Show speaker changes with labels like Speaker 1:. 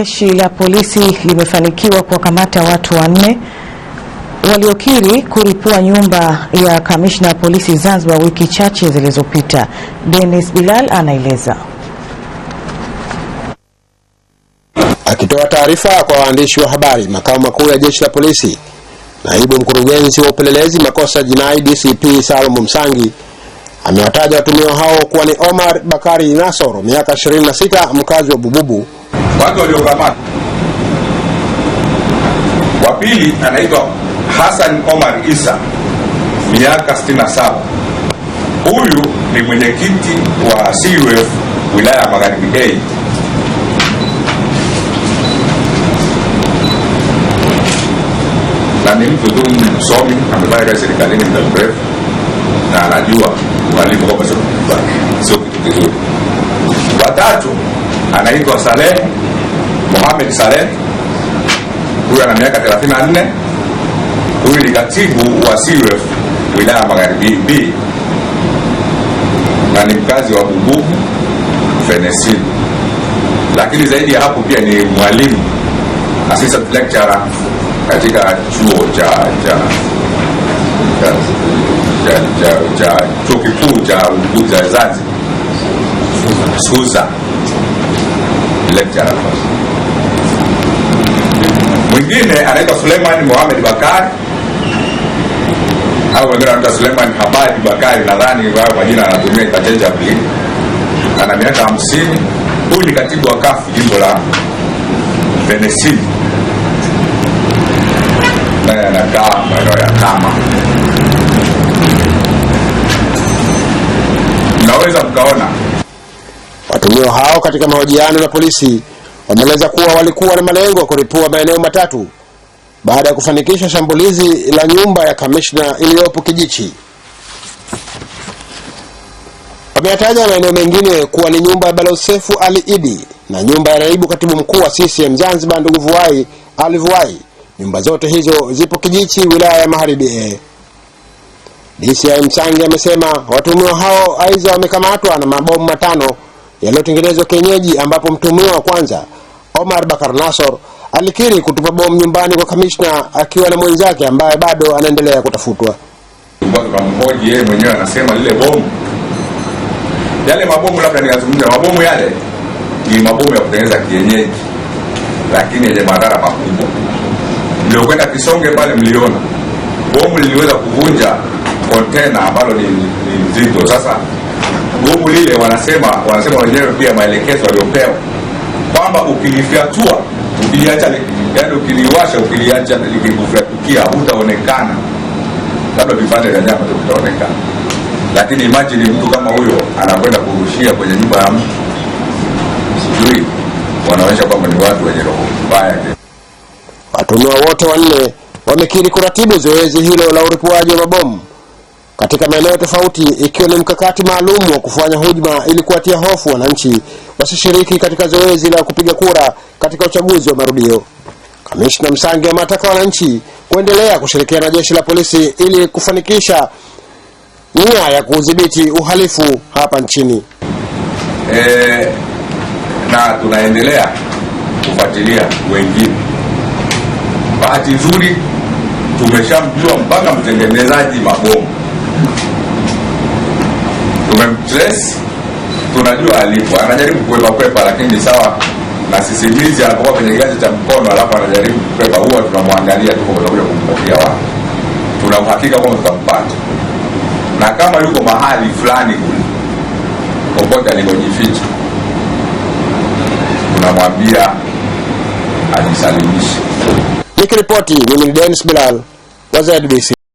Speaker 1: Jeshi la polisi limefanikiwa kuwakamata watu wanne waliokiri kuripua nyumba ya kamishna wa polisi Zanzibar wiki chache zilizopita. Dennis Bilal anaeleza.
Speaker 2: Akitoa taarifa kwa waandishi wa habari makao makuu ya jeshi la polisi, naibu mkurugenzi wa upelelezi makosa jinai DCP Salum Msangi amewataja watumio hao kuwa ni Omar Bakari Nasoro, miaka 26, mkazi wa Bububu watu waliokamata Wa pili anaitwa Hassan Omar Isa, miaka 67. Huyu ni mwenyekiti wa CUF wilaya ya Magharibi A. na ni mtu tu msomi, amefanya kazi serikalini muda mrefu na anajua uhalifu kwamba sio kitu kizuri. Watatu anaitwa Saleh Mohamed Saleh, huyu ana miaka 34. Huyu ni katibu wa CUF wilaya Magharibi B na ni mkazi wa Bububu Fenesi, lakini zaidi ya hapo pia ni mwalimu assistant lecturer katika chuo cha cha cha chuo kikuu cha uuguzi Zanzibar SUZA lecturer Mwingine anaitwa Suleiman Mohamed Bakari au wengine anaitwa Suleiman Habadi Bakari, nadhani kwa jina anatumia interchangeably. Ana miaka hamsini. Huyu ni katibu wa kafu jimbo la Venesini, naye anakaa maeneo ya Kama. Mnaweza mkaona
Speaker 3: Watuhumiwa hao katika mahojiano na polisi wameeleza kuwa walikuwa na malengo ya kuripua maeneo matatu baada ya kufanikisha shambulizi la nyumba ya kamishna iliyopo Kijichi. Wameyataja maeneo mengine kuwa ni nyumba ya Balosefu Ali Idi na nyumba ya naibu katibu mkuu wa CCM Zanzibar ndugu Vuai Ali Vuai. Nyumba zote hizo zipo Kijichi, wilaya ya Magharibi. DCI Msangi amesema watumio hao aidha wamekamatwa na mabomu matano yaliyotengenezwa kienyeji, ambapo mtumiwa wa kwanza Omar Bakar Nasor alikiri kutupa bomu nyumbani kwa kamishna akiwa na mwenzake ambaye bado anaendelea kutafutwa.
Speaker 4: Tukamhoji yeye mwenyewe anasema lile bomu, yale mabomu, labda niyazungumza mabomu yale, ni mabomu ya kutengeneza kienyeji, lakini yenye madhara makubwa. Mliokwenda Kisonge pale mliona bomu liliweza kuvunja kontena ambalo ni mzito Sasa gumu lile, wanasema wanasema wenyewe pia maelekezo waliopewa kwamba ukilifyatua ukiliacha, yani ukiliwasha, ukiliacha likikufyatukia hutaonekana, labda vipande vya nyama vitaonekana. Lakini imajini mtu kama huyo anakwenda kurushia kwenye nyumba ya mtu, sijui wanaonyesha kwamba ni watu wenye roho mbaya.
Speaker 3: Watuhumiwa wote wanne wamekiri kuratibu zoezi hilo la uripuaji wa mabomu katika maeneo tofauti, ikiwa ni mkakati maalum wa kufanya hujuma ili kuwatia hofu wananchi wasishiriki katika zoezi la kupiga kura katika uchaguzi wa marudio. Kamishna Msangi amewataka wananchi kuendelea kushirikiana na jeshi la polisi ili kufanikisha nia ya kudhibiti uhalifu hapa nchini.
Speaker 4: E, na tunaendelea kufuatilia wengine. Bahati nzuri tumeshamjua mpaka mtengenezaji mabomu tumemtres tunajua alipo, anajaribu kukwepa kwepa, lakini ni sawa na sisimizi anapokuwa kwenye kiasi cha mkono alafu anajaribu kwepa huwa tunamwangalia tu tunakuja kumpatia wapi, tuna uhakika kwamba tutampata, na kama yuko mahali fulani kule popote alipojificha tunamwambia ajisalimishe.
Speaker 1: Nikiripoti mimi ni Dennis Bilal wa ZBC.